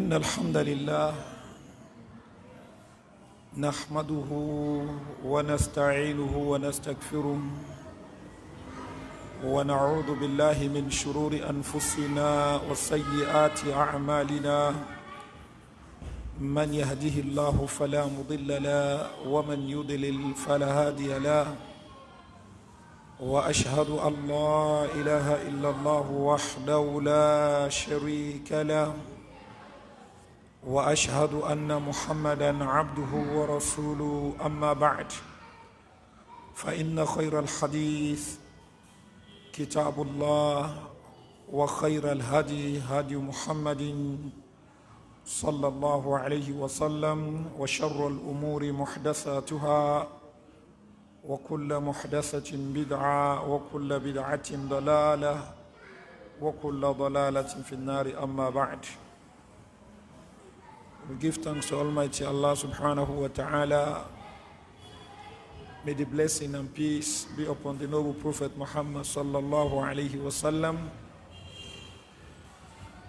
إن الحمد لله نحمده ونستعينه ونستغفره ونعوذ بالله من شرور أنفسنا وسيئات أعمالنا من يهده الله فلا مضل له ومن يضلل فلا هادي له واشهد ان لا اله الا الله وحده لا شريك له واشهد ان محمدا عبده ورسوله اما بعد فان خير الحديث كتاب الله وخير الهدي هدي محمد صلى الله عليه وسلم وشر الامور محدثاتها وكل محدثه بدعه وكل بدعه ضلاله وكل ضلاله في النار اما بعد We give thanks to Almighty Allah subhanahu wa ta'ala. May the blessing and peace be upon the noble Prophet Muhammad sallallahu alayhi wasallam.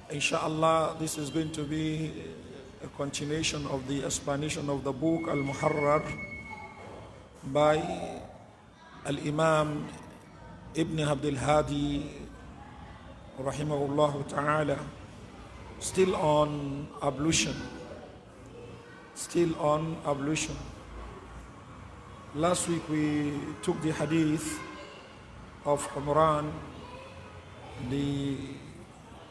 Insha'Allah, this is going to be a continuation of the explanation of the book Al-Muharrar by Al-Imam Ibn Abdul Hadi rahimahullah ta'ala still on ablution still on ablution. Last week we took the hadith of Umran, the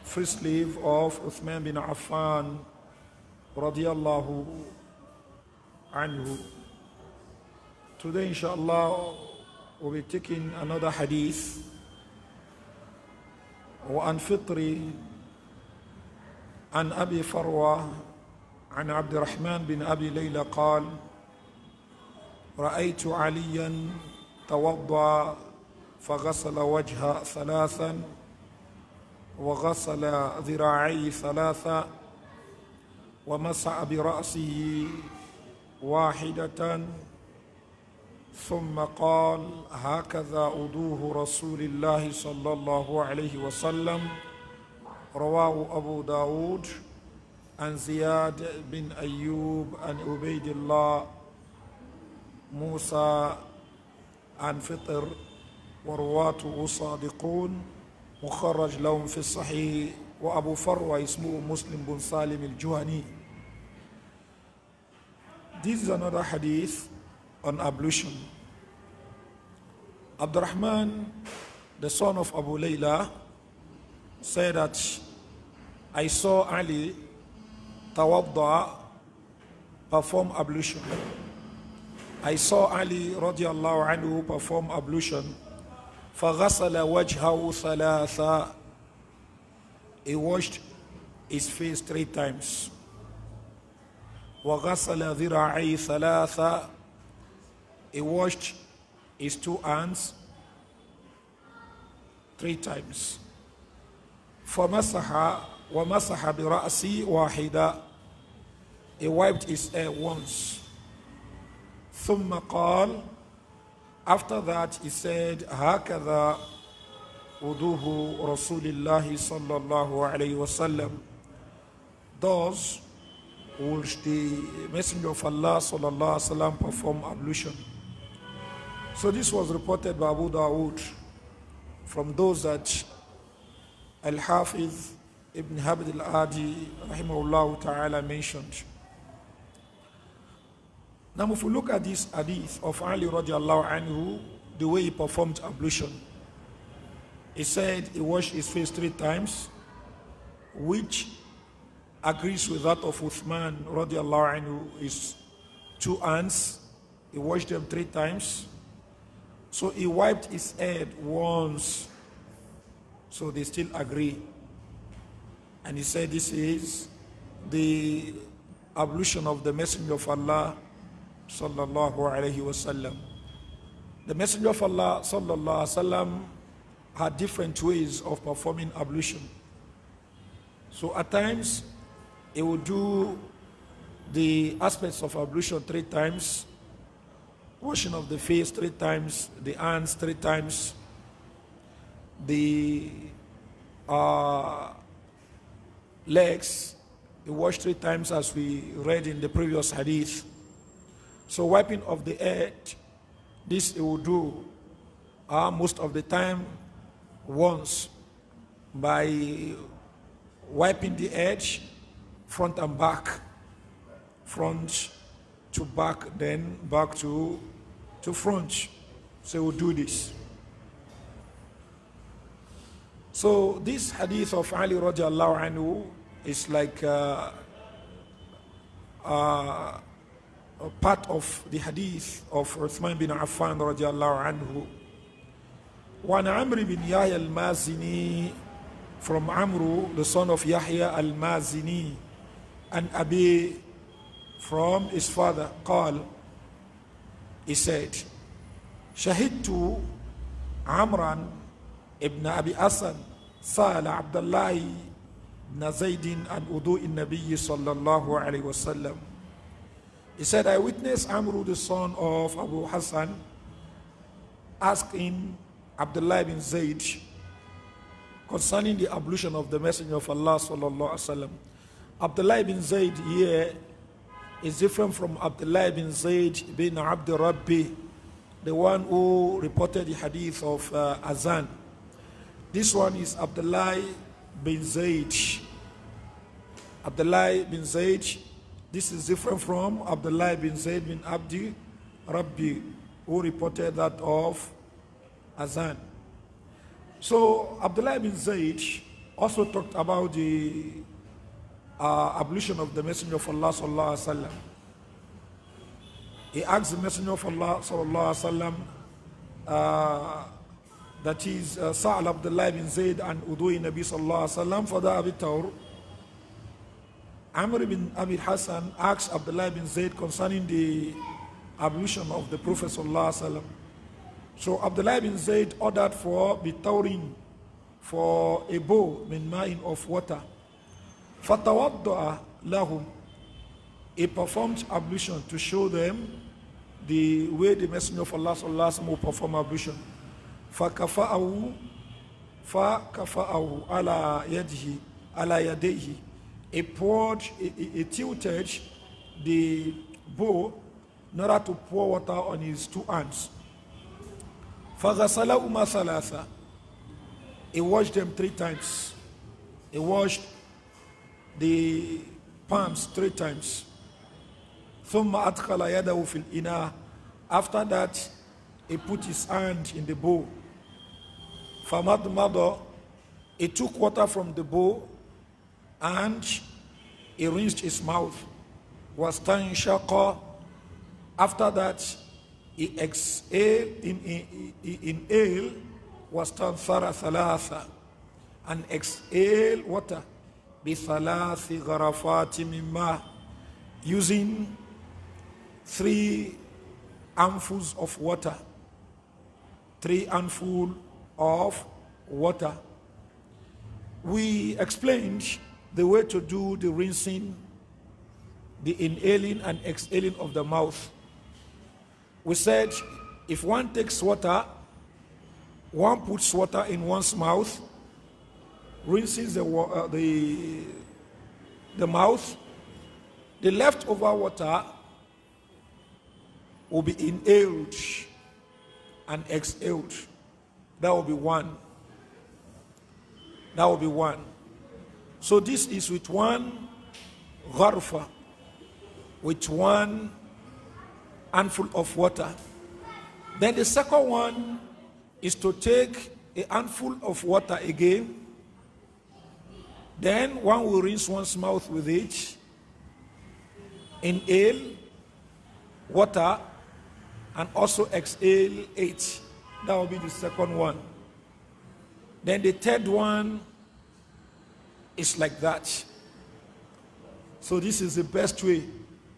first slave of Uthman bin Affan radiallahu anhu. Today inshallah we'll be taking another hadith وعن فطري عن أبي فروة عن عبد الرحمن بن أبي ليلى قال رأيت عليا توضأ فغسل وجهه ثلاثا وغسل ذراعي ثلاثا ومسع برأسه واحدة ثم قال هكذا أدوه رسول الله صلى الله عليه وسلم رواه أبو داود عن زياد بن أيوب عن عبيد الله موسى عن فطر ورواته صادقون مخرج لهم في الصحيح وأبو فروة اسمه مسلم بن سالم الجهني This is another hadith on ablution. Abdurrahman, the son of Abu Layla, said that I saw Ali tawadda, perform ablution. I saw Ali radiallahu anhu perform ablution. فَغَسَلَ وَجْهَهُ ثَلَاثًا He washed his face three times. وَغَسَلَ ذِرَعَيْهِ ثَلَاثًا He washed his two hands three times. فَمَسَحَ وَمَسَحَ بِرَأْسِي وَاحِدًا He wiped his hair once. ثُمَّ قَالَ After that he said, هَكَذَا وُدُوهُ رَسُولِ اللَّهِ صَلَّى اللَّهُ عَلَيْهِ وَسَلَّمَ Thus would the Messenger of Allah صلى الله عليه وسلم perform ablution. So this was reported by Abu Dawood from those that Al-Hafiz Ibn Habib al-Adi rahimahullah ta'ala mentioned. Now if we look at this hadith of Ali radiallahu anhu, the way he performed ablution, he said he washed his face three times, which agrees with that of Uthman radiallahu anhu, his two hands, he washed them three times. So he wiped his head once. So they still agree and he said, This is the ablution of the Messenger of Allah sallallahu alayhi wasallam. The Messenger of Allah sallallahu alayhi wasallam had different ways of performing ablution. So at times he would do the aspects of ablution three times, washing of the face three times, the hands three times, the uh, legs, you wash three times as we read in the previous hadith. So wiping of the edge, this you will do uh, most of the time once by wiping the edge front and back, front to back, then back to, to front. So we'll do this. So this hadith of Ali radiallahu anhu is like uh, uh, part of the hadith of Uthman bin Affan radiallahu anhu. وعن عمرو بن يحيى المازني from Amru, the son of Yahya al-Mazini, and Abi from his father, قال, he said, شهدت عمران Ibn Abi Asad سأل عبد الله بن زيد عن وضوء النبي صلى الله عليه وسلم He said, I witnessed Amru, the son of Abu Hassan, asking Abdullah bin Zayd concerning the ablution of the Messenger of Allah sallallahu wasallam. Abdullah bin Zayd here is different from Abdullah bin Zayd bin Abdul Rabbi, the one who reported the hadith of uh, Azan. This one is Abdullah bin Zaid. Abdullah bin Zaid. This is different from Abdullah bin Zaid bin Abdi Rabbi, who reported that of Azan. So Abdullah bin Zaid also talked about the uh, of the Messenger of Allah sallallahu alaihi wasallam. He asked the Messenger of Allah sallallahu alaihi wasallam. Uh, that is uh, Sa'al Abdullah bin Zayd and Udui Nabi Sallallahu Alaihi Wasallam for the Abi Tawr. Amr bin Abi Hassan asked Abdullah bin Zayd concerning the ablution of the Prophet Sallallahu Alaihi Wasallam. So Abdullah bin Zayd ordered for bitawrin, for a bowl, min ma'in of water. Fatawadda'a lahum. He performed ablution to show them the way the Messenger of Allah Sallallahu Alaihi Wasallam will perform ablution. فكفأه فكفأه على يده على يديه he poured he, tilted the bowl in order to pour water on his two hands فغسلهما ثلاثة he washed them three times he washed the palms three times ثم أدخل يده في الإناء after that he put his hand in the bowl Famad mother, he took water from the bowl and he rinsed his mouth. Was shaka. After that, he exhaled, in, in, in, turned fara thalatha, and exhaled water, bithalathi garafati mimma, using three armfuls of water, three armful of water. We explained the way to do the rinsing, the inhaling and exhaling of the mouth. We said if one takes water, one puts water in one's mouth, rinses the, uh, the, the mouth, the leftover water will be inhaled and exhaled. That will be one. That will be one. So this is with one gharfa, with one handful of water. Then the second one is to take a handful of water again. Then one will rinse one's mouth with it. Inhale water and also exhale it. That will be the second one. Then the third one is like that. So this is the best way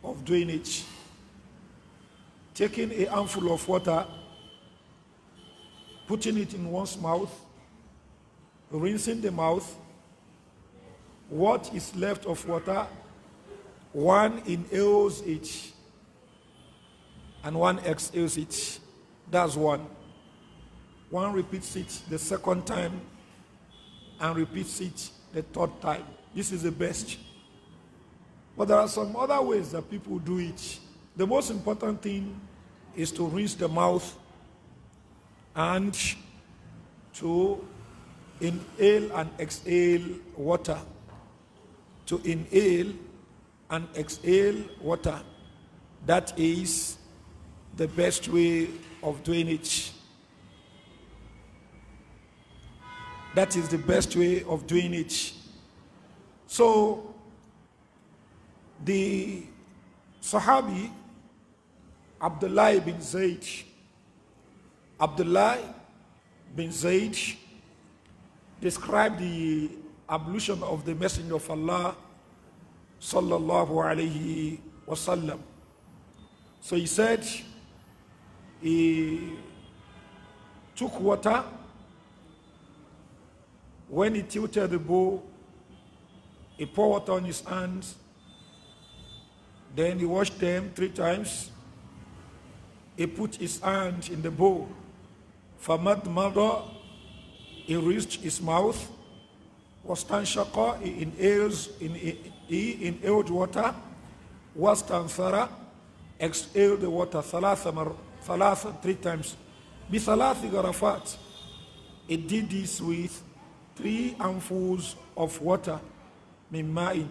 of doing it. Taking a handful of water, putting it in one's mouth, rinsing the mouth. What is left of water, one inhales it and one exhales it. That's one. One repeats it the second time and repeats it the third time. This is the best. But there are some other ways that people do it. The most important thing is to rinse the mouth and to inhale and exhale water. To inhale and exhale water. That is the best way of doing it. That is the best way of doing it. So, the Sahabi, Abdullah bin Zayd, Abdullah bin Zayd described the ablution of the Messenger of Allah sallallahu alayhi wasallam. So he said, he took water when he tilted the bow, he poured on his hands. Then he washed them three times. He put his hand in the bowl. Famat mother, he reached his mouth. Wastanshaka, he inhales, he inhaled water. Was tan thara exhaled the water. Thalatha, three times. Bithalathi garafat, he did this with three handfuls of water min ma'in.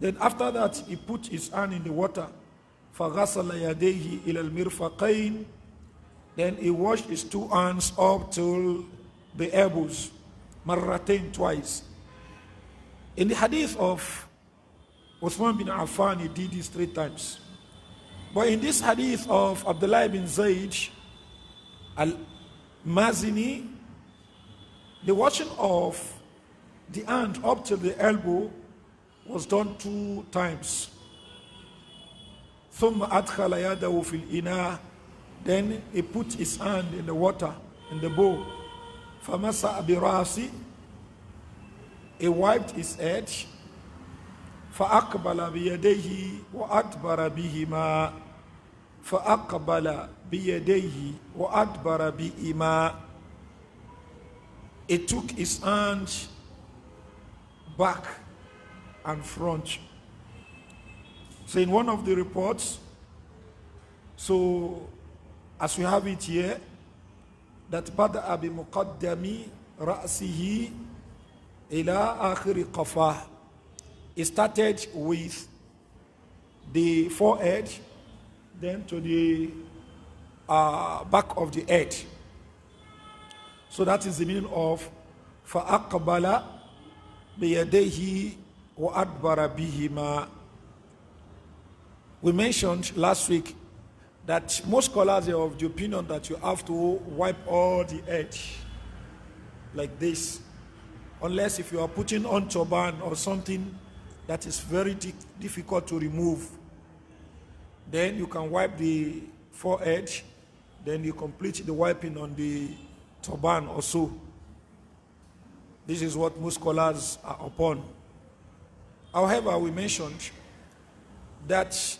Then after that he put his hand in the water فغسل يديه إلى المرفقين Then he washed his two hands up till the elbows مرتين twice In the hadith of Uthman bin Affan he did this three times But in this hadith of Abdullah bin Zayd Mazini, the washing of the hand up to the elbow was done two times. then he put his hand in the water in the bowl فمسح abirasi, he wiped his head فأقبل atbara وأدبر بهما فأقبل بيديه وأدبر بإماء He took his hand back and front. So in one of the reports, so as we have it here, that بدأ بمقدم رأسه إلى آخر قفاه. He started with the forehead then to the uh, back of the head. So that is the meaning of فَأَقْبَلَ بِيَدَيْهِ وَأَدْبَرَ بِهِمَا We mentioned last week that most scholars are of the opinion that you have to wipe all the edge like this unless if you are putting on turban or something that is very difficult to remove then you can wipe the forehead. Then you complete the wiping on the turban also. This is what most scholars are upon. However, we mentioned that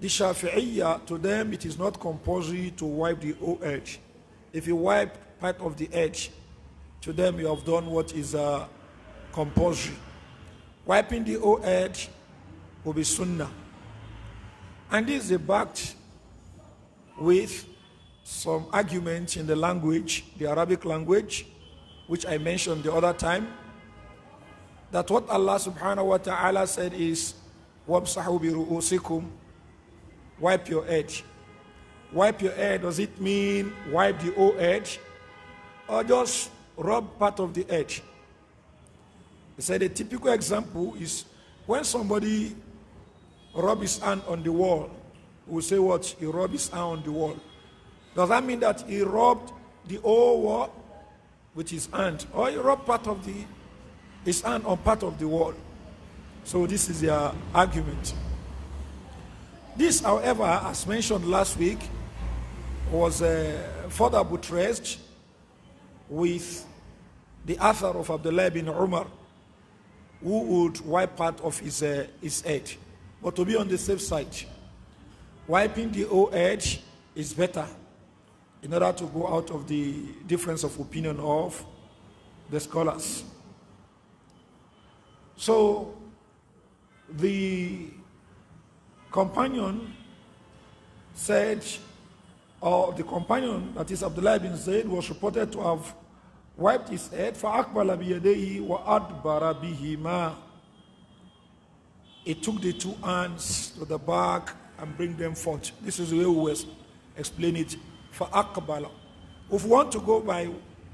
the Shafi'iyya, to them, it is not compulsory to wipe the whole edge. If you wipe part of the edge, to them you have done what is uh, compulsory. Wiping the whole edge will be sunnah. And this is backed with some arguments in the language, the Arabic language, which I mentioned the other time, that what Allah subhanahu wa ta'ala said is, وَامْسَحُوا بِرُؤُوسِكُمْ Wipe your head. Wipe your head, does it mean wipe the whole head? Or just rub part of the head? He said a typical example is when somebody rub his hand on the wall. We'll say what? He rubbed his hand on the wall. Does that mean that he rubbed the whole wall with his hand? Or he rubbed part of the, his hand on part of the wall? So this is their argument. This, however, as mentioned last week, was uh, further buttressed with the author of Abdullah bin Umar, who would wipe part of his, uh, his head. But to be on the safe side, wiping the old edge is better in order to go out of the difference of opinion of the scholars. So the companion said, or the companion, that is Abdullah bin Zayd, was reported to have wiped his head for akbala biyadehi wa adbara bihima He took the two hands to the back and bring them forth. This is the way we explain it. For akbala. If we want to go by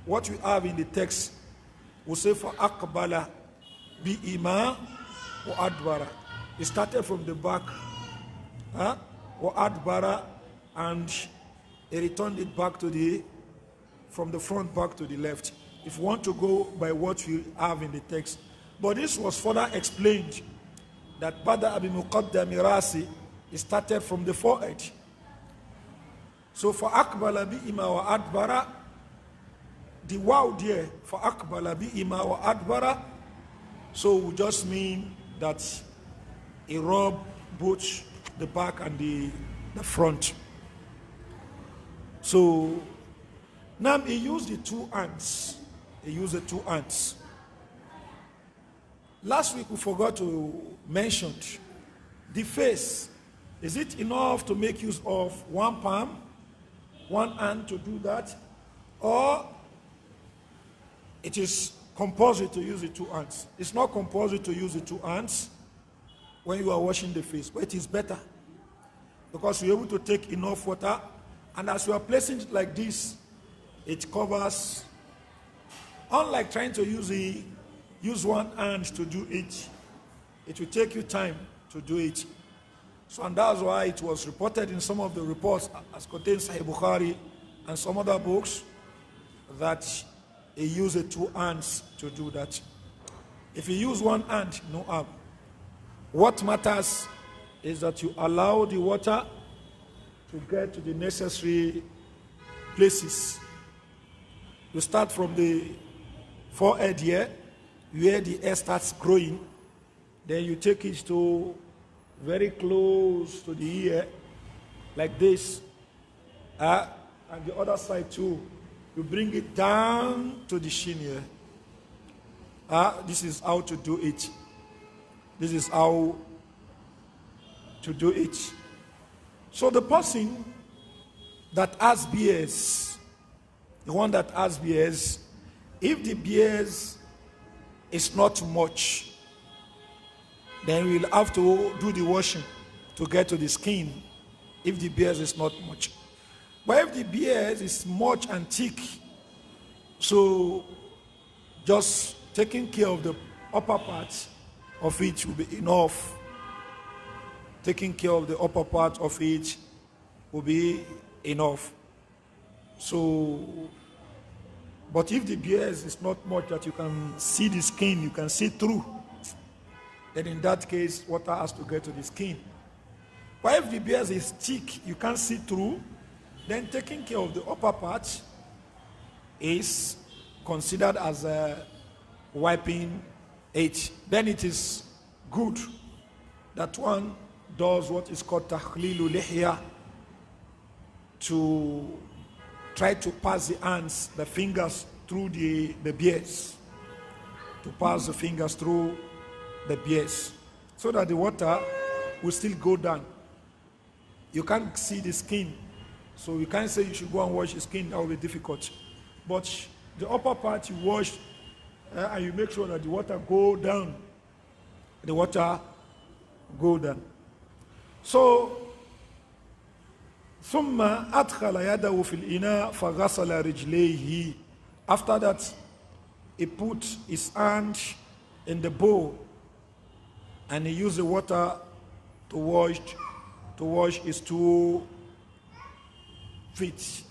what we have in the text, we say for akbala, be imam or adbara. It started from the back, huh? or adbara, and he returned it back to the from the front back to the left. If we want to go by what we have in the text, but this was further explained that Bada Abi Muqadda Mirasi started from the forehead. So for Akbala bi'ima wa adbara, the wow there, for Akbala bi'ima wa adbara, so we just mean that he robbed both the back and the, the front. So now he used the two hands. He used the two hands. Last week we forgot to mention the face. Is it enough to make use of one palm, one hand to do that? Or it is compulsory to use the two hands? It's not compulsory to use the two hands when you are washing the face, but it is better because you're able to take enough water. And as you are placing it like this, it covers, unlike trying to use the Use one hand to do it. It will take you time to do it. So, and that's why it was reported in some of the reports, as contained Sahih Bukhari and some other books, that he used two hands to do that. If you use one hand, no harm. What matters is that you allow the water to get to the necessary places. You start from the forehead here where the air starts growing, then you take it to very close to the ear, like this, uh, and the other side too. You bring it down to the shin here. Uh, ah, this is how to do it. This is how to do it. So the person that has beers, the one that has beers, if the beers is not much. Then we'll have to do the washing to get to the skin if the beard is not much. But if the beard is much and thick, so just taking care of the upper part of it will be enough. Taking care of the upper part of it will be enough. So but if the beard is not much that you can see the skin, you can see through, then in that case, water has to get to the skin. But if the beard is thick, you can't see through, then taking care of the upper part is considered as a wiping it. Then it is good that one does what is called tahlilul lihya to try to pass the hands, the fingers through the, the beards. To pass the fingers through the beards. So that the water will still go down. You can't see the skin. So you can't say you should go and wash the skin. That will be difficult. But the upper part you wash uh, and you make sure that the water go down. The water go down. So ثم أدخل يده في الإناء فغسل رجليه After that, he put his hand in the bowl and he used the water to wash, to wash his two feet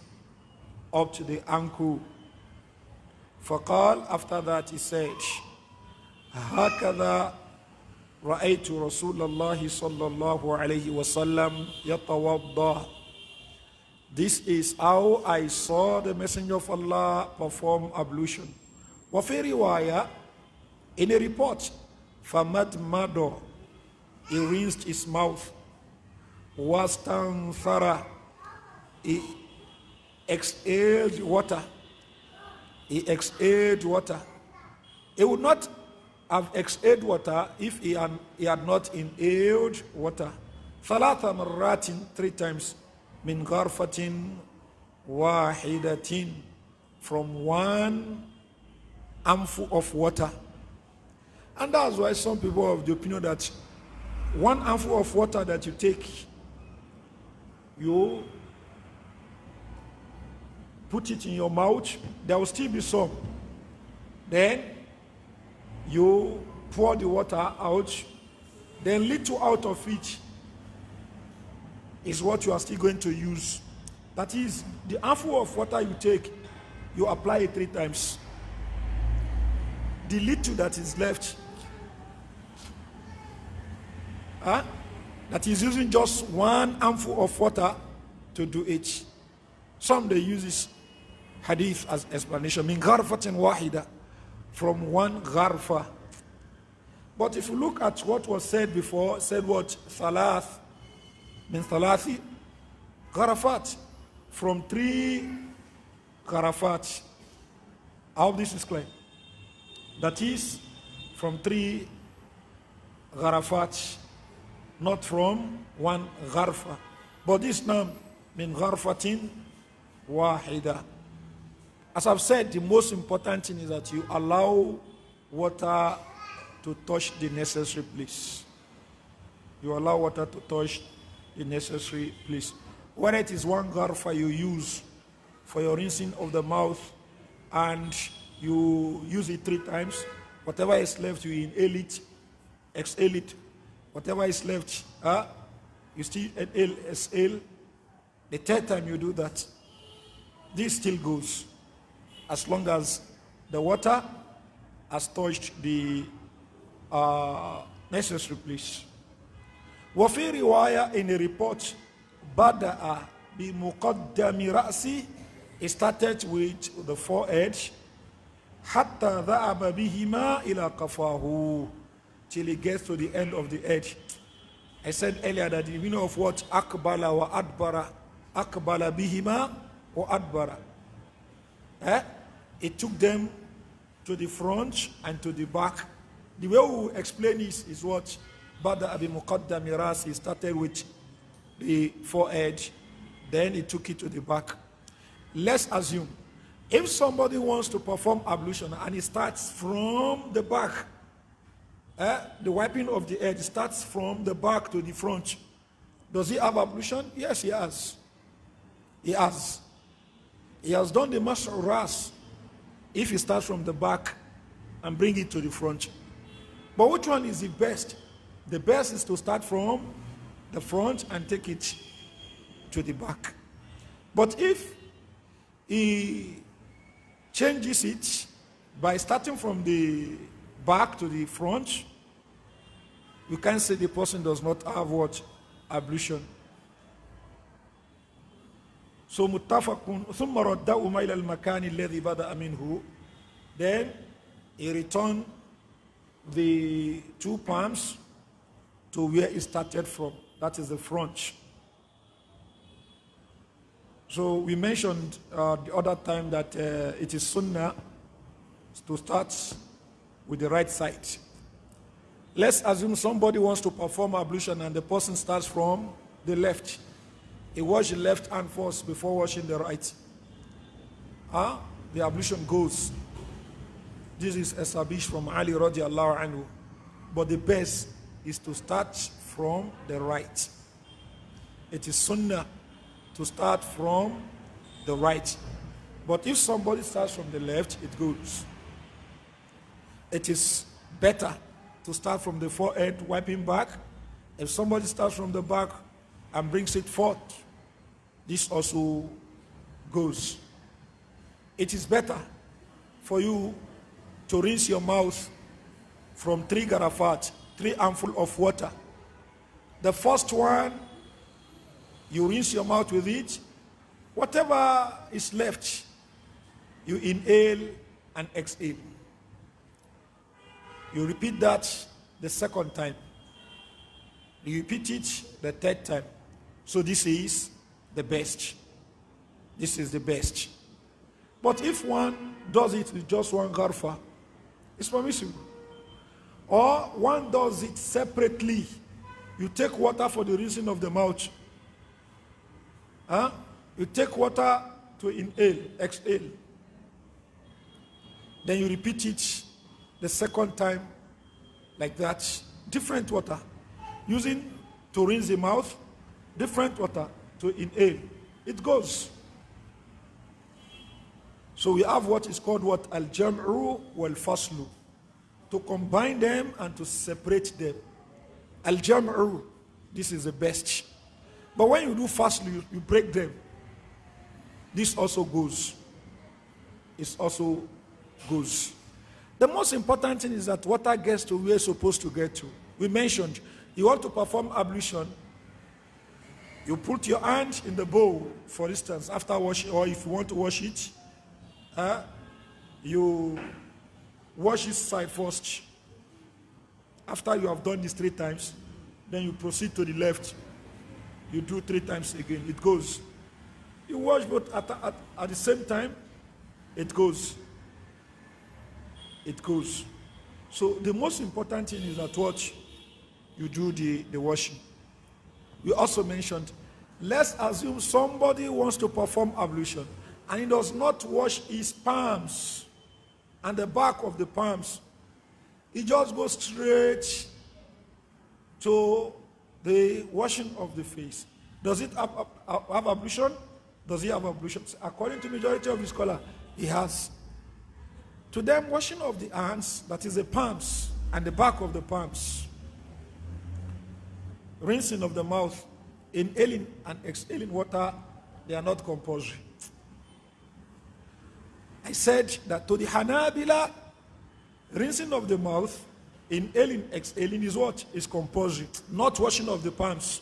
up to the ankle. فقال after that he said هكذا رأيت رسول الله صلى الله عليه وسلم يتوضأ this is how I saw the Messenger of Allah perform ablution. Wafiriwaya, in a report, Famad Mado, he rinsed his mouth. Wastan Thara, he exhaled water. He exhaled water. He would not have exhaled water if he had, he had not inhaled water. Thalatha marratin, three times min gharfatin wahidatin from one armful of water. And that's why some people are of the opinion that one armful of water that you take, you put it in your mouth, there will still be some. Then you pour the water out, then little out of it is what you are still going to use. That is, the handful of water you take, you apply it three times. The little that is left, huh, that is using just one handful of water to do it. Some they use this hadith as explanation. Min gharfatin wahida, from one gharfa. But if you look at what was said before, said what? Thalath من ثلاث غرفات from three غرفات I hope this is clear that is from three غرفات not from one غرفة but this name من غرفة واحدة As I've said, the most important thing is that you allow water to touch the necessary place. You allow water to touch the necessary place. Whether it is one garfa you use for your rinsing of the mouth and you use it three times, whatever is left you inhale it, exhale it, whatever is left, huh? you still inhale, exhale. The third time you do that, this still goes as long as the water has touched the uh, necessary place. وفي رواية in a report بدأ بمقدم رأسي It started with the forehead حتى ذهب بهما إلى قفاه till he gets to the end of the head. I said earlier that the meaning of what akbala wa adbara akbala bihima wa adbara. Eh? It took them to the front and to the back. The way we explain this is what Bada Abi Muqaddam Miras, he started with the forehead, then he took it to the back. Let's assume if somebody wants to perform ablution and he starts from the back, eh, the wiping of the head starts from the back to the front. Does he have ablution? Yes, he has. He has. He has done the masr ras if he starts from the back and bring it to the front. But which one is the best? The best is to start from the front and take it to the back. But if he changes it by starting from the back to the front, you can say the person does not have what? Ablution. So متفق then he returned the two palms to where it started from. That is the front. So we mentioned uh, the other time that uh, it is sunnah to start with the right side. Let's assume somebody wants to perform ablution and the person starts from the left. He washes the left hand first before washing the right. Huh? Ah, the ablution goes. This is established from Ali radiallahu anhu. But the best is to start from the right. It is sunnah to start from the right. But if somebody starts from the left, it goes. It is better to start from the forehead, wiping back. If somebody starts from the back and brings it forth, this also goes. It is better for you to rinse your mouth from three garafat three armful of water. The first one, you rinse your mouth with it. Whatever is left, you inhale and exhale. You repeat that the second time. You repeat it the third time. So this is the best. This is the best. But if one does it with just one garfa, it's permissible. Or one does it separately. You take water for the rinsing of the mouth. Huh? You take water to inhale, exhale. Then you repeat it the second time like that. Different water. Using to rinse the mouth, different water to inhale. It goes. So we have what is called what? al jamru wal-faslu to combine them and to separate them. Al Jam'u, this is the best. But when you do fast, you, you break them. This also goes. It also goes. The most important thing is that water gets to where it's supposed to get to. We mentioned you want to perform ablution. You put your hand in the bowl, for instance, after wash, or if you want to wash it, uh, you wash his side first. After you have done this three times, then you proceed to the left. You do three times again. It goes. You wash but at, at, at the same time, it goes. It goes. So the most important thing is that watch you do the, the washing. We also mentioned, let's assume somebody wants to perform ablution and he does not wash his palms. and the back of the palms. It just goes straight to the washing of the face. Does it have, have, have ablution? Does he have ablution? According to majority of the scholar, he has. To them, washing of the hands, that is the palms and the back of the palms, rinsing of the mouth in and exhaling water, they are not compulsory. I said that to the Hanabila, rinsing of the mouth in ailing, exhaling is what? Is compulsory, not washing of the palms.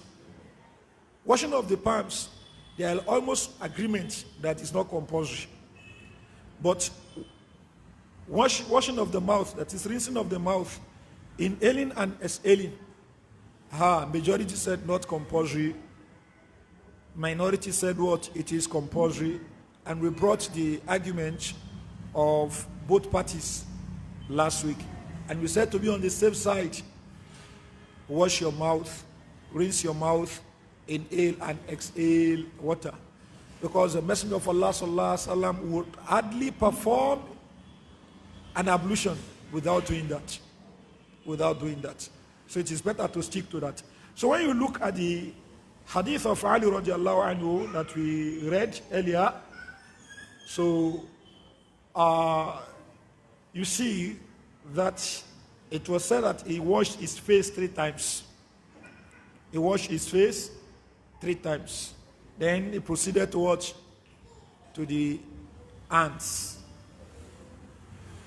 Washing of the palms, there are almost agreement that is not compulsory. But wash, washing of the mouth, that is rinsing of the mouth, in ailing and exhaling, ha, majority said not compulsory. Minority said what? It is compulsory and we brought the argument of both parties last week. And we said to be on the safe side, wash your mouth, rinse your mouth, inhale and exhale water. Because the Messenger of Allah وسلم, would hardly perform an ablution without doing that. Without doing that. So it is better to stick to that. So when you look at the hadith of Ali radiallahu anhu that we read earlier, So uh, you see that it was said that he washed his face three times. He washed his face three times. Then he proceeded to watch to the hands.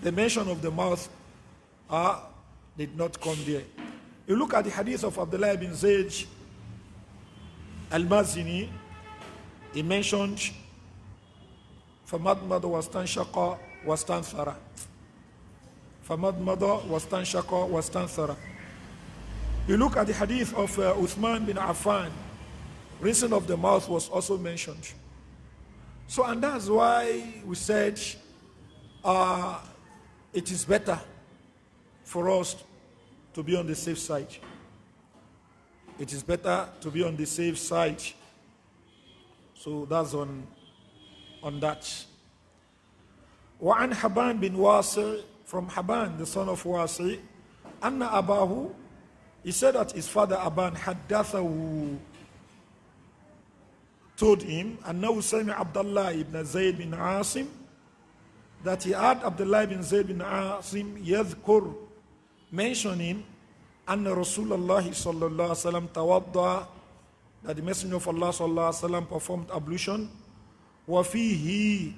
The mention of the mouth uh, did not come there. You look at the hadith of Abdullah bin Zayd al-Mazini, he mentioned فمضمض واستنشق واستنثر فمضمض واستنشق واستنثر You look at the hadith of uh, Uthman bin Affan, rinsing of the mouth was also mentioned. So, and that's why we said uh, it is better for us to be on the safe side. It is better to be on the safe side. So that's on on that. وعن حبان بن واسع from Haban, the son of Wasi, Anna Abahu, he said that his father Aban Haddathahu told him, and now عبد Abdullah ibn Zayd bin عاصم that he had Abdullah ibn Zayd bin عاصم يذكر mentioning, Anna الله sallallahu alayhi عليه وسلم tawadda, that the messenger of Allah sallallahu alayhi عليه وسلم performed ablution, وفيه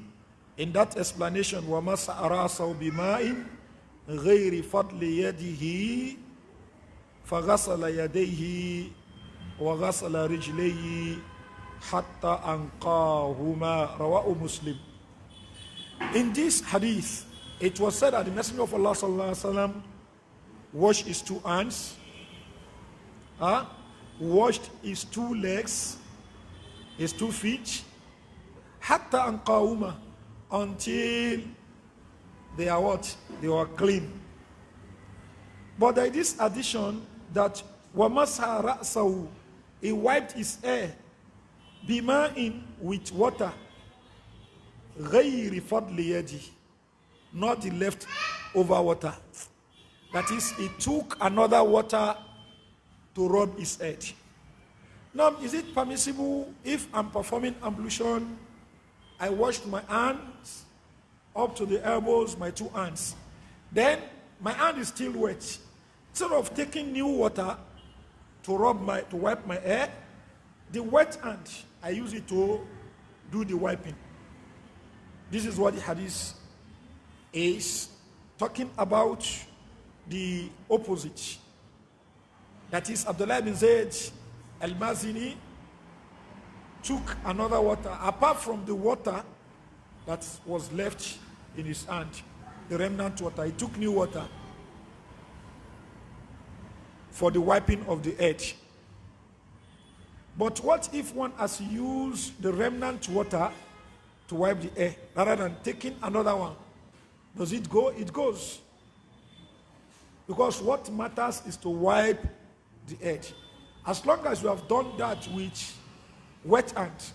in that explanation ومسع راسه بماء غير فضل يده فغسل يديه وغسل رجليه حتى أنقاهما رواه مسلم In this hadith, it was said that the Messenger of Allah صلى الله عليه وسلم washed his two hands, huh? washed his two legs, his two feet, Hatta and Qawma until they are what? They are clean. But there is this addition that وَمَسْحَ رَأْسَهُ He wiped his hair بِمَاءٍ with water غَيْرِ فَضْلِ يَدِهِ Not the left over water. That is, he took another water to rub his head. Now, is it permissible if I'm performing ablution I washed my hands up to the elbows, my two hands. Then my hand is still wet. Instead of taking new water to rub my to wipe my hair, the wet hand I use it to do the wiping. This is what the hadith is talking about the opposite. That is Abdullah bin Zaid al-Mazini took another water, apart from the water that was left in his hand, the remnant water. He took new water for the wiping of the edge. But what if one has used the remnant water to wipe the air rather than taking another one? Does it go? It goes. Because what matters is to wipe the edge. As long as you have done that which wet hand.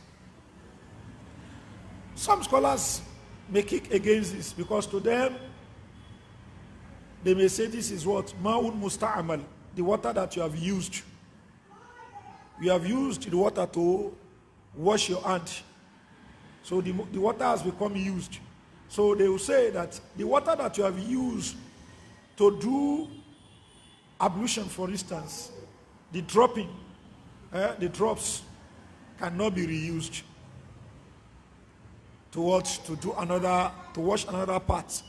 Some scholars may kick against this because to them, they may say this is what? Ma'un musta'amal, the water that you have used. You have used the water to wash your hand, So the, the water has become used. So they will say that the water that you have used to do ablution, for instance, the dropping, eh, the drops, cannot be reused to what to do another to wash another part.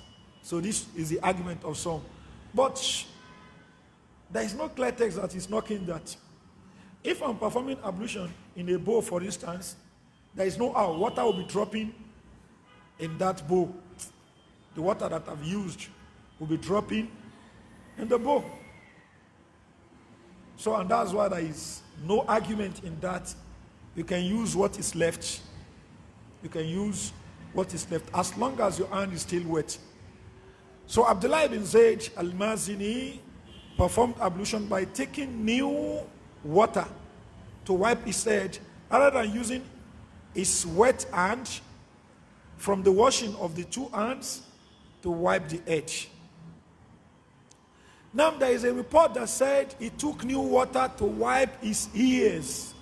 So this is the argument of some. But there is no clear text that is knocking that. If I'm performing ablution in a bowl, for instance, there is no how water will be dropping in that bowl. The water that I've used will be dropping in the bowl. So, and that's why there is no argument in that you can use what is left. You can use what is left as long as your hand is still wet. So Abdullah ibn Zayd al-Mazini performed ablution by taking new water to wipe his head rather than using his wet hand from the washing of the two hands to wipe the head. Now there is a report that said he took new water to wipe his ears.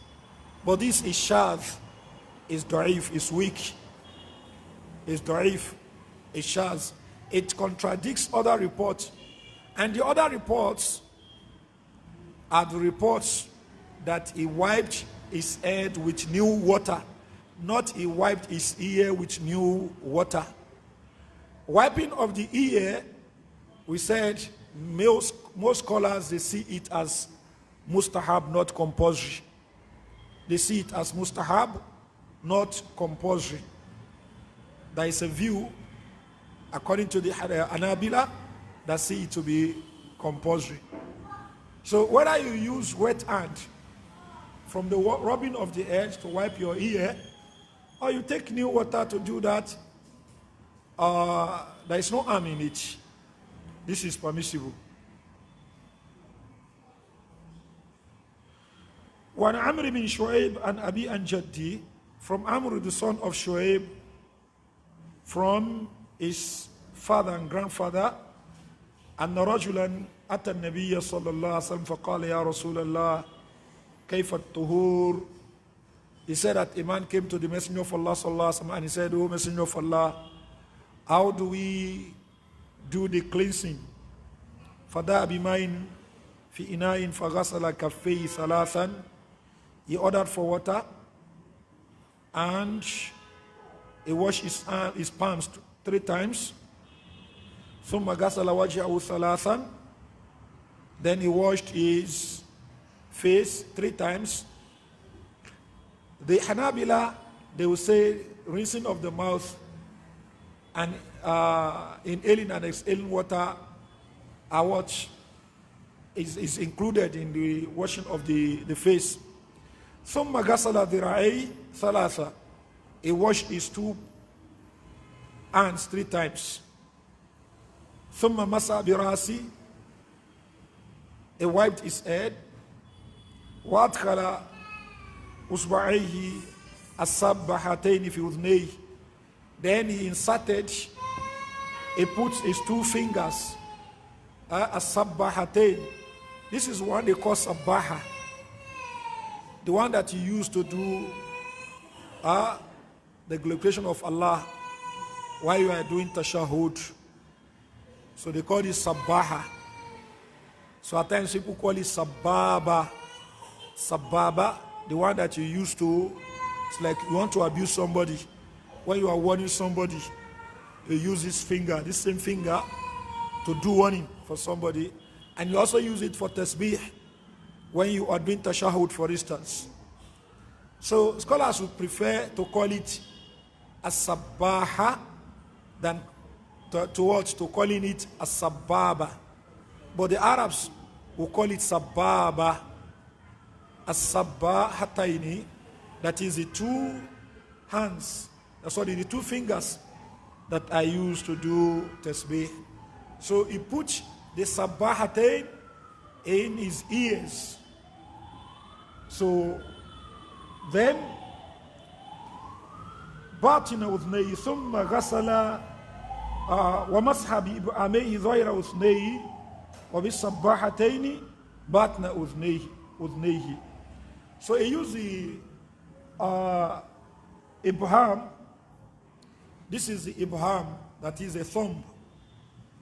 But this is shaz, is da'if, is weak, is da'if, is shaz. It contradicts other reports. And the other reports are the reports that he wiped his head with new water, not he wiped his ear with new water. Wiping of the ear, we said most, most scholars they see it as mustahab, not compulsory. They see it as mustahab, not compulsory. There is a view, according to the uh, Anabila, that see it to be compulsory. So whether you use wet hand from the rubbing of the edge to wipe your ear, or you take new water to do that, uh, there is no harm in it. This is permissible. وعن عمرو بن شعيب عن أبي عن جدي from Amr the son of Shu'aib from his father and grandfather أن رجلا أتى النبي صلى الله عليه وسلم فقال يا رسول الله كيف الطهور He said that a man came to the messenger of Allah صلى الله عليه وسلم and he said, O messenger of Allah, how do we do the cleansing? فداء بماء في إناء فغسل كَفِي ثلاثا he ordered for water and he washed his, hand, uh, his palms three times. Then he washed his face three times. The Hanabila, they will say rinsing of the mouth and uh, inhaling and exhaling water are what is, is included in the washing of the, the face. ثم غسل ذراعي ثلاثة He washed his two hands three times ثم مسح برأسي He wiped his head وأدخل أصبعيه السبحتين في أذنيه Then he inserted He puts his two fingers uh, السبحتين This is what they call sabaha the one that he used to do uh, the glorification of Allah while you are doing tashahud. So they call it sabbaha. So at times people call it sababa. Sababa, the one that you used to, it's like you want to abuse somebody. When you are warning somebody, you use this finger, this same finger, to do warning for somebody. And you also use it for tasbih when you are doing tashahud, for instance. So scholars would prefer to call it as sabaha than to, towards to calling it as sababa But the Arabs will call it sababa. As-sabbahataini, that is the two hands, uh, sorry, the two fingers that I use to do tasbih. So he put the sabahatain in his ears. So then باطن أذنيه ثم غسل ومسح بإبعاميه ظهر أذنيه وبالصباحتين باطن أذنيه أذنيه So he used the uh, This is the that is a thumb.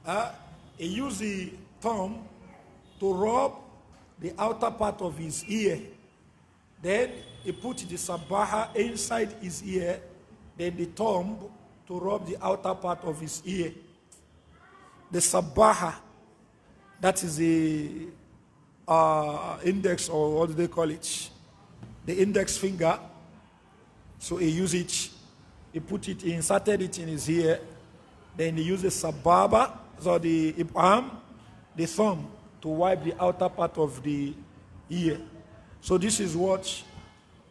Uh, he used the thumb to rub the outer part of his ear then he put the sabaha inside his ear, then the thumb to rub the outer part of his ear. The sabaha, that is the uh, index or what do they call it? The index finger. So he used it, he put it, he inserted it in his ear. Then he used the sababa, so the arm, the thumb, to wipe the outer part of the ear. So this is what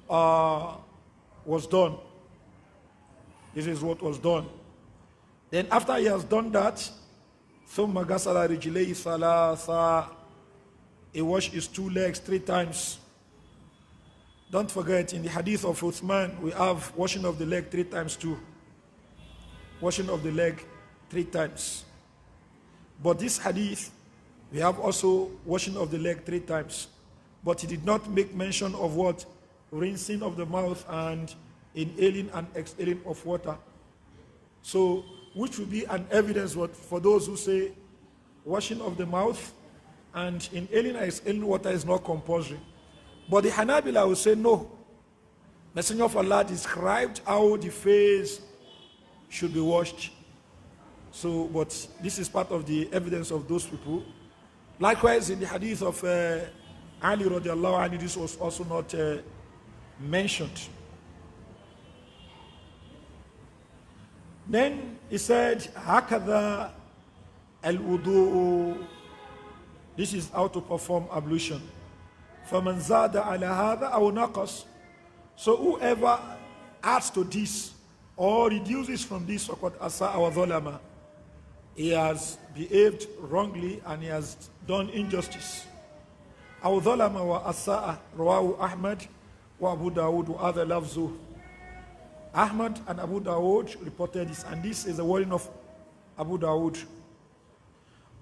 uh, was done. This is what was done. Then after he has done that, ثم غسل رجليه ثلاثة He washed his two legs three times. Don't forget, in the hadith of Uthman, we have washing of the leg three times too. Washing of the leg three times. But this hadith, we have also washing of the leg three times but he did not make mention of what? Rinsing of the mouth and inhaling and exhaling of water. So, which would be an evidence for those who say washing of the mouth and inhaling and exhaling water is not compulsory. But the Hanabila will say no. Messenger of Allah described how the face should be washed. So, but this is part of the evidence of those people. Likewise, in the hadith of uh, Ali radiallahu anhu, this was also not uh, mentioned. Then he said, "Hakada al wudu This is how to perform ablution. فَمَنْ زَادَ عَلَى هَذَا أَوْ نَقَصْ So whoever adds to this or reduces from this, asa أَسَاءَ وَظَلَمَ He has behaved wrongly and he has done injustice. أو ظلم وأساء رواه أحمد وأبو داود وهذا لفظه Ahmad and Abu Dawood reported this and this is the warning of Abu Dawood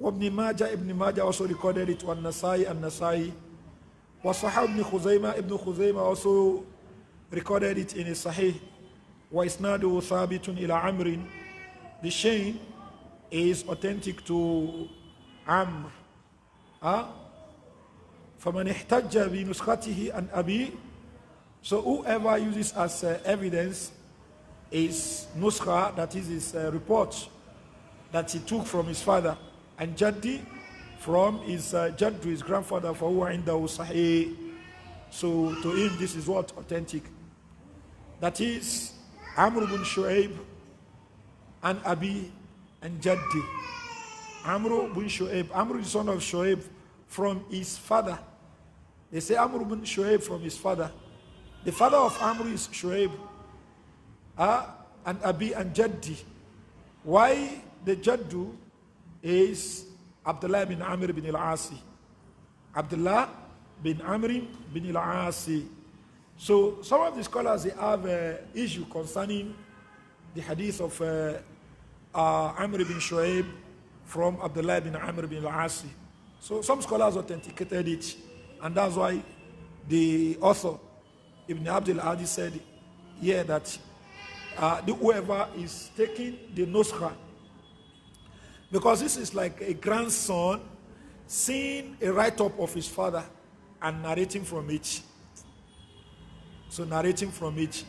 Ibn ماجه Ibn ماجه also recorded it Nasai, and Nasai. وصحاب Ibn خزيمة Ibn خزيمة also recorded it in his Sahih Wa isnadu thabitun ila amrin. the shame is authentic to Amr huh? فَمَنْ اِحْتَجَّ بِنُسْخَتِهِ and abi. So whoever uses as uh, evidence is nuskha, that is his uh, report that he took from his father, and jaddi from his uh, his grandfather, فَهُوَ عِنْدَهُ sahih. So to him this is what? Authentic. That is Amr bin Shu'aib and Abi and Jaddi. Amr bin Shu'aib. Amr is son of Shu'aib from his father. They say Amr bin Shu'aib from his father. The father of Amr is Shu'aib. Uh, ah, and Abi and Jaddi. Why the Jaddu is Abdullah bin Amr bin al-Asi. Abdullah bin Amr bin al-Asi. So some of the scholars they have an uh, issue concerning the hadith of uh, uh, Amr bin Shu'aib from Abdullah bin Amr bin al-Asi. So some scholars authenticated it. And that's why the author, Ibn Abdul Adi, said here yeah, that uh, the, whoever is taking the nuskha, because this is like a grandson seeing a write-up of his father and narrating from it. So narrating from it.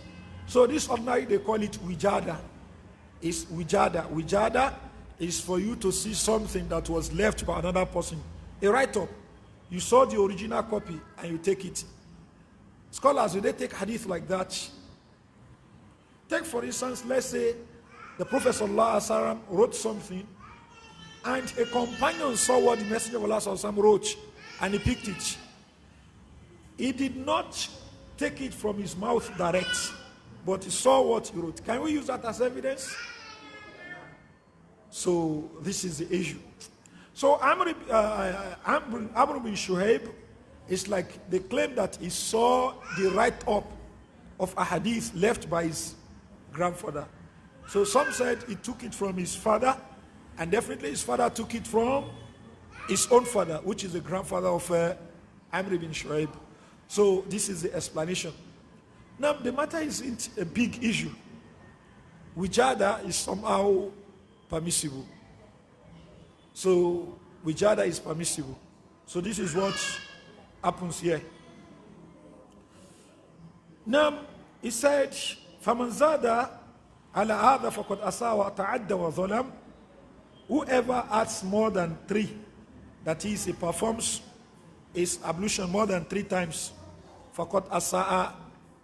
So this ordinary, they call it wijada. Is wijada. Wijada is for you to see something that was left by another person. A write-up. You saw the original copy and you take it. Scholars, do they take hadith like that. Take, for instance, let's say the Prophet ﷺ wrote something and a companion saw what the Messenger of Allah ﷺ wrote and he picked it. He did not take it from his mouth direct, but he saw what he wrote. Can we use that as evidence? So this is the issue. So Amr, uh, uh, bin Shuhaib is like they claim that he saw the write-up of a hadith left by his grandfather. So some said he took it from his father, and definitely his father took it from his own father, which is the grandfather of uh, Amr bin Shuaib. So this is the explanation. Now the matter isn't a big issue. Wijada is somehow permissible. So wijada is permissible. So this is what happens here. Now, he said, فَمَنْ زَادَ عَلَى هَذَا فَقَدْ أَسَى وَأَتَعَدَّ Whoever adds more than three, that is, he performs his ablution more than three times, فَقَدْ asaa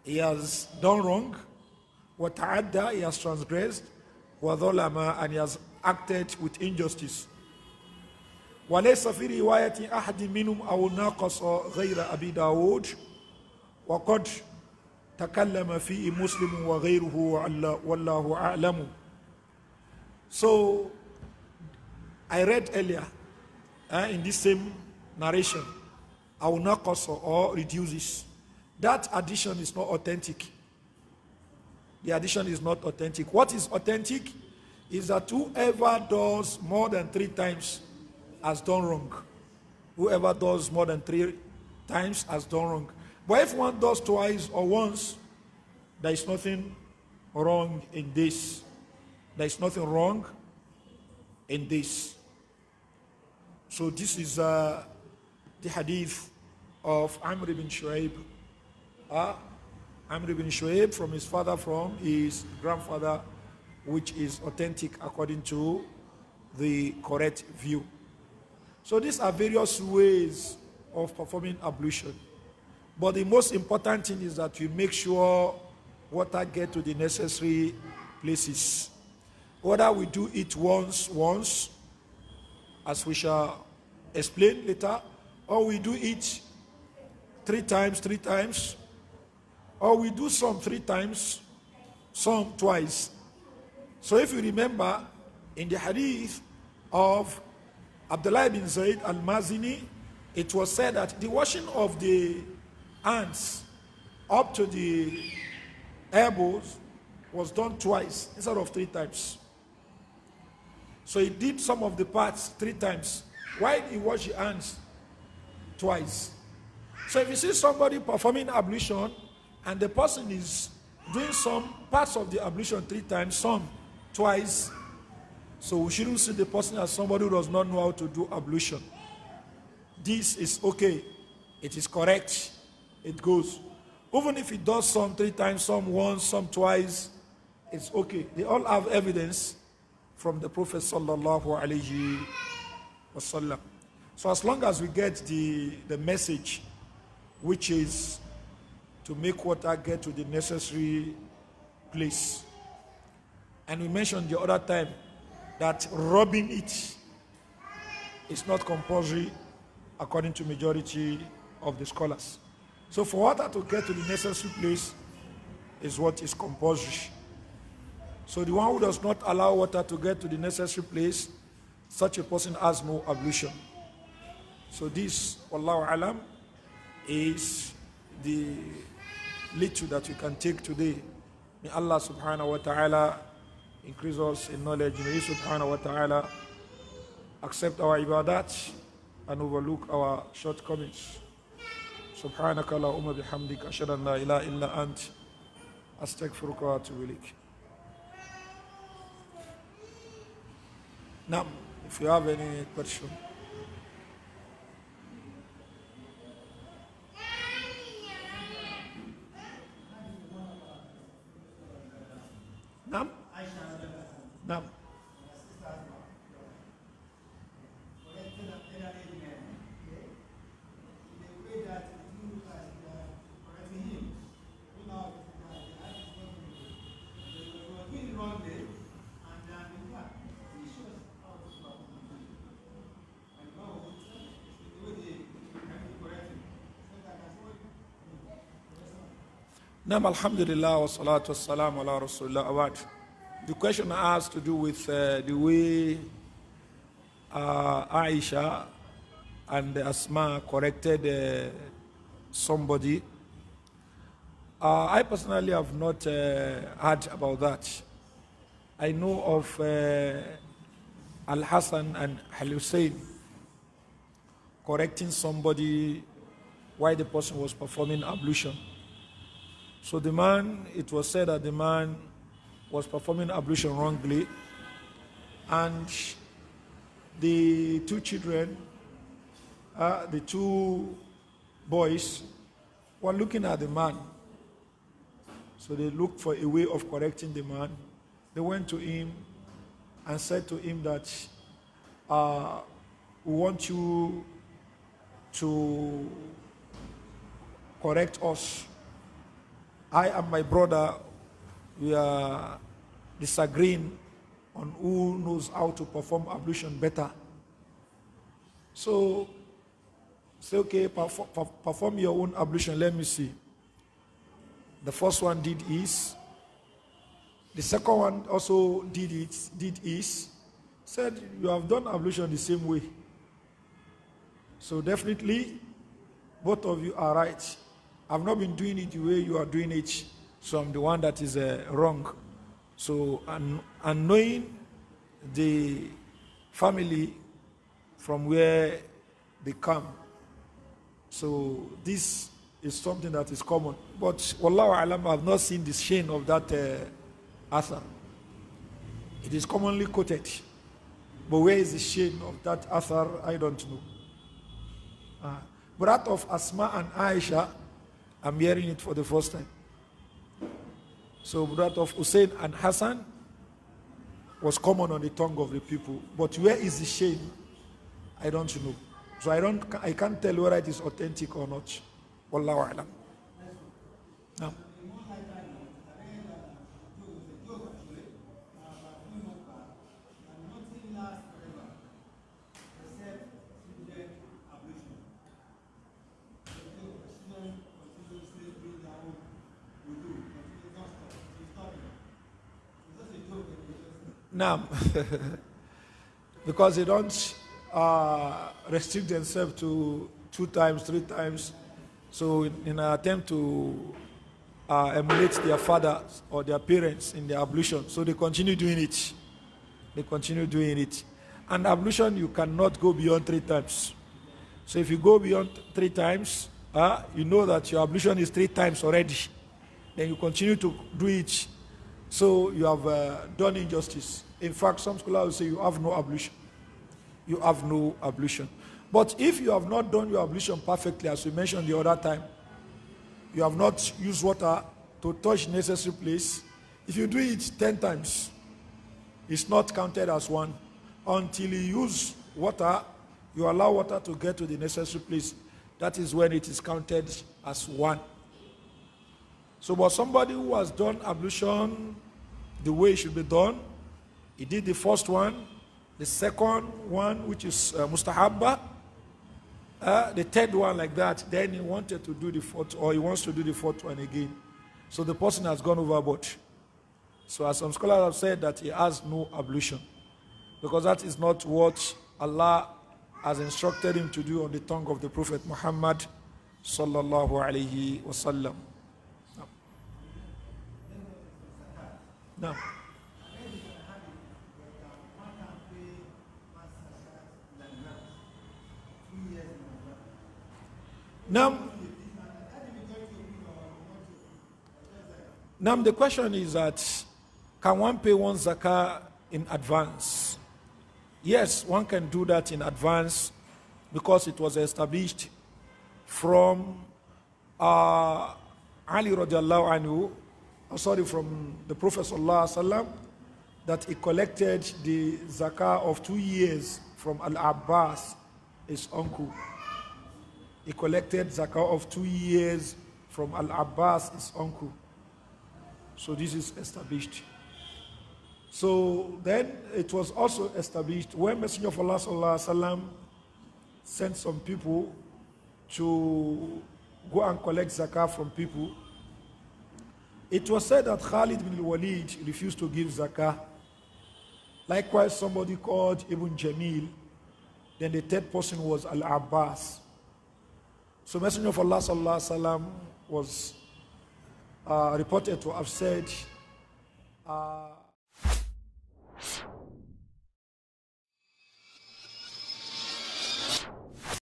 He has done wrong. ta'adda He has transgressed. وَظَلَمَ And he has acted with injustice. وليس في رواية أحد منهم أو ناقص غير أبي داود وقد تكلم فيه مسلم وغيره والله أعلم So I read earlier uh, in this same narration أو ناقص or reduces That addition is not authentic The addition is not authentic What is authentic is that whoever does more than three times has done wrong. Whoever does more than three times has done wrong. But if one does twice or once, there is nothing wrong in this. There is nothing wrong in this. So this is uh, the hadith of Amr ibn Shu'ayb. Uh, Amr ibn Shu'ayb from his father, from his grandfather, which is authentic according to the correct view. So these are various ways of performing ablution. But the most important thing is that you make sure water gets to the necessary places. Whether we do it once, once, as we shall explain later, or we do it three times, three times, or we do some three times, some twice. So if you remember in the hadith of Abdullah bin Zaid al Mazini, it was said that the washing of the hands up to the elbows was done twice instead of three times. So he did some of the parts three times. Why did he wash his hands twice? So if you see somebody performing ablution and the person is doing some parts of the ablution three times, some twice, So we shouldn't see the person as somebody who does not know how to do ablution. This is okay. It is correct. It goes. Even if he does some three times, some once, some twice, it's okay. They all have evidence from the Prophet sallallahu alaihi wasallam. So as long as we get the, the message, which is to make water get to the necessary place. And we mentioned the other time that robbing it is not compulsory according to majority of the scholars. So for water to get to the necessary place is what is compulsory. So the one who does not allow water to get to the necessary place, such a person has no ablution. So this, Allah Alam, is the little that we can take today. May Allah subhanahu wa ta'ala increase us in knowledge. May He subhanahu wa ta'ala accept our ibadat and overlook our shortcomings. سبحانك اللهم بحمدك أشهد أن لا إله إلا أنت أستغفرك وأتوب إليك Now, if you have any question. Nam alhamdulillah wa salatu wassalam rasulullah The question has to do with uh, the way uh, Aisha and Asma corrected uh, somebody. Uh, I personally have not uh, heard about that. I know of uh, Al Hassan and Al Hussein correcting somebody while the person was performing ablution. So the man, it was said that the man was performing ablution wrongly, and the two children, uh, the two boys, were looking at the man. So they looked for a way of correcting the man. They went to him and said to him that uh, we want you to correct us I and my brother, we are disagreeing on who knows how to perform ablution better. So, say, okay, perform, your own ablution. Let me see. The first one did is, the second one also did it, did is, said, you have done ablution the same way. So definitely, both of you are right. I've not been doing it the way you are doing it, so I'm the one that is uh, wrong. So, and, knowing the family from where they come. So, this is something that is common. But, Wallahu Alam, I've not seen the shame of that uh, author. It is commonly quoted. But where is the shame of that author? I don't know. Uh, but that of Asma and Aisha, I'm hearing it for the first time. So that of Hussein and Hassan was common on the tongue of the people. But where is the shame? I don't know. So I don't I can't tell whether it is authentic or not. Wallahu alam. No. Now, because they don't uh, restrict themselves to two times, three times. So, in, an attempt to uh, emulate their fathers or their parents in their ablution, so they continue doing it. They continue doing it. And ablution, you cannot go beyond three times. So, if you go beyond three times, uh, you know that your ablution is three times already. Then you continue to do it. So, you have uh, done injustice. In fact, some scholars say you have no ablution. You have no ablution. But if you have not done your ablution perfectly, as we mentioned the other time, you have not used water to touch necessary place, if you do it 10 times, it's not counted as one. Until you use water, you allow water to get to the necessary place. That is when it is counted as one. So, but somebody who has done ablution the way it should be done, he did the first one, the second one, which is uh, mustahabba, uh, the third one like that. Then he wanted to do the fourth, or he wants to do the fourth one again. So the person has gone overboard. So as some scholars have said that he has no ablution, because that is not what Allah has instructed him to do on the tongue of the Prophet Muhammad sallallahu alaihi wasallam. No. no. Now, now the question is that can one pay one zakah in advance? Yes, one can do that in advance because it was established from uh, Ali radiallahu anhu, oh, sorry, from the Prophet sallallahu sallam, that he collected the zakah of two years from Al-Abbas, his uncle. He collected zakah of two years from Al Abbas, his uncle. So this is established. So then it was also established when Messenger of Allah وسلم, sent some people to go and collect zakah from people. It was said that Khalid bin Walid refused to give zakah. Likewise, somebody called Ibn Jamil. Then the third person was Al Abbas. So Messenger of Allah sallallahu alaihi wasallam was uh, reported to have said, uh,